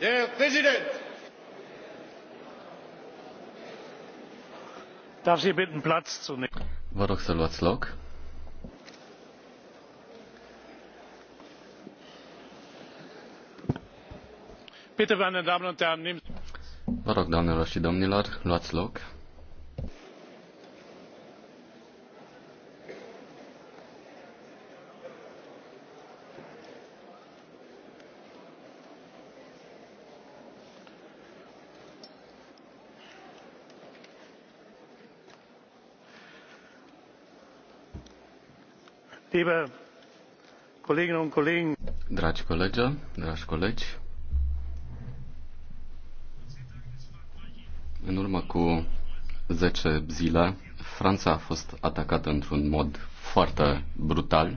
Herr Präsident! Darf Sie bitten, Platz zu nehmen? Vă rog să luați loc. Bitte, meine Damen und Herren, nehmen Vă rog, doamnelor și domnilor, luați loc. dragi colegi, dragi colegi, în urmă cu 10 zile, Franța a fost atacată într-un mod foarte brutal